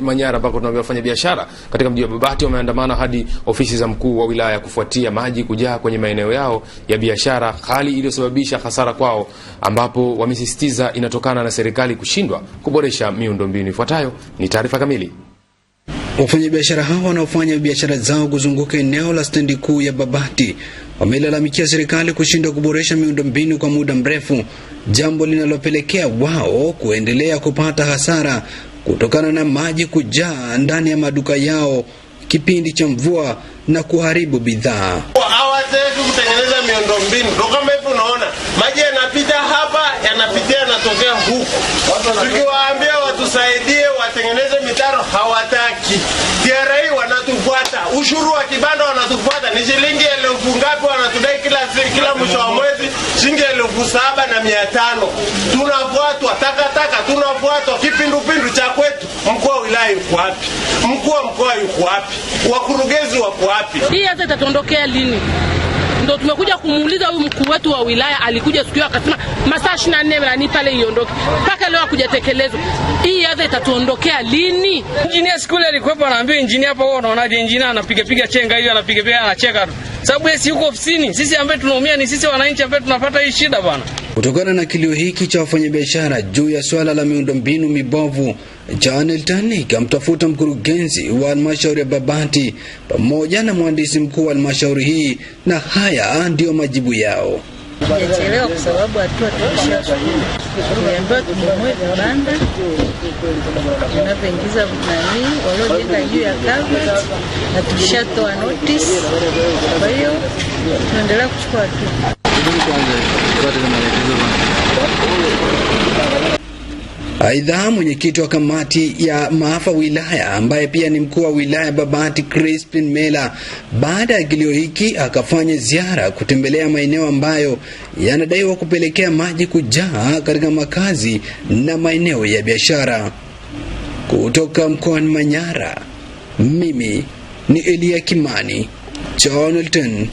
Manyara ambako wafanya biashara katika mji wa Babati wameandamana hadi ofisi za mkuu wa wilaya kufuatia maji kujaa kwenye maeneo yao ya biashara, hali iliyosababisha hasara kwao, ambapo wamesisitiza inatokana na serikali kushindwa kuboresha miundombinu. Ifuatayo ni taarifa kamili. Wafanyabiashara hao wanaofanya biashara zao kuzunguka eneo la stendi kuu ya Babati wamelalamikia serikali kushindwa kuboresha miundombinu kwa muda mrefu, jambo linalopelekea wao kuendelea kupata hasara kutokana na maji kujaa ndani ya maduka yao kipindi cha mvua na kuharibu bidhaa. Hawataki kutengeneza miundombinu, ndio kama hivyo. Unaona maji yanapita hapa, yanapitia, yanatokea huku. Tukiwaambia watusaidie, watengeneze mitaro, hawataki. TRA wanatufuata, ushuru wa kibanda wanatufuata, ni shilingi elfu ngapi wanatudai kila, kila mwisho wa mwezi, shilingi elfu saba na mia tano. Tunafuatwa takataka, tunafuatwa mkuu wa wilaya yuko wapi? Mkuu wa mkoa yuko wapi? Wakurugenzi wako wapi? Hii hata itatondokea lini? Ndio tumekuja kumuuliza huyu mkuu wetu wa wilaya, alikuja siku hiyo akasema masaa ishirini na nne nani pale iondoke, mpaka leo hakujatekelezwa. Hii adha itatuondokea lini? Injinia siku ile alikuwepo, anaambia injinia, hapa wewe unaonaje? Injinia anapigapiga chenga hiyo, anapigapiga anacheka tu, sababu yeye si yuko ofisini. Sisi ambaye tunaumia ni sisi wananchi ambaye tunapata hii shida bwana. Kutokana na kilio hiki cha wafanyabiashara juu ya swala la miundombinu mibovu, Janel Tani ikamtafuta mkurugenzi wa halmashauri ya Babati pamoja na mhandisi mkuu wa halmashauri hii, na haya ndiyo majibu yao. Tumechelewa kwa sababu hatua vibanda vinavyoingiza nani waliojenga juu ya na Kwa hiyo tunaendelea kuchukua hatua. Aidha, mwenyekiti wa kamati ya maafa wilaya ambaye pia ni mkuu wa wilaya Babati Crispin Mela, baada ya kilio hiki akafanya ziara kutembelea maeneo ambayo yanadaiwa kupelekea maji kujaa katika makazi na maeneo ya biashara. Kutoka mkoani Manyara, mimi ni Elia Kimani, 10.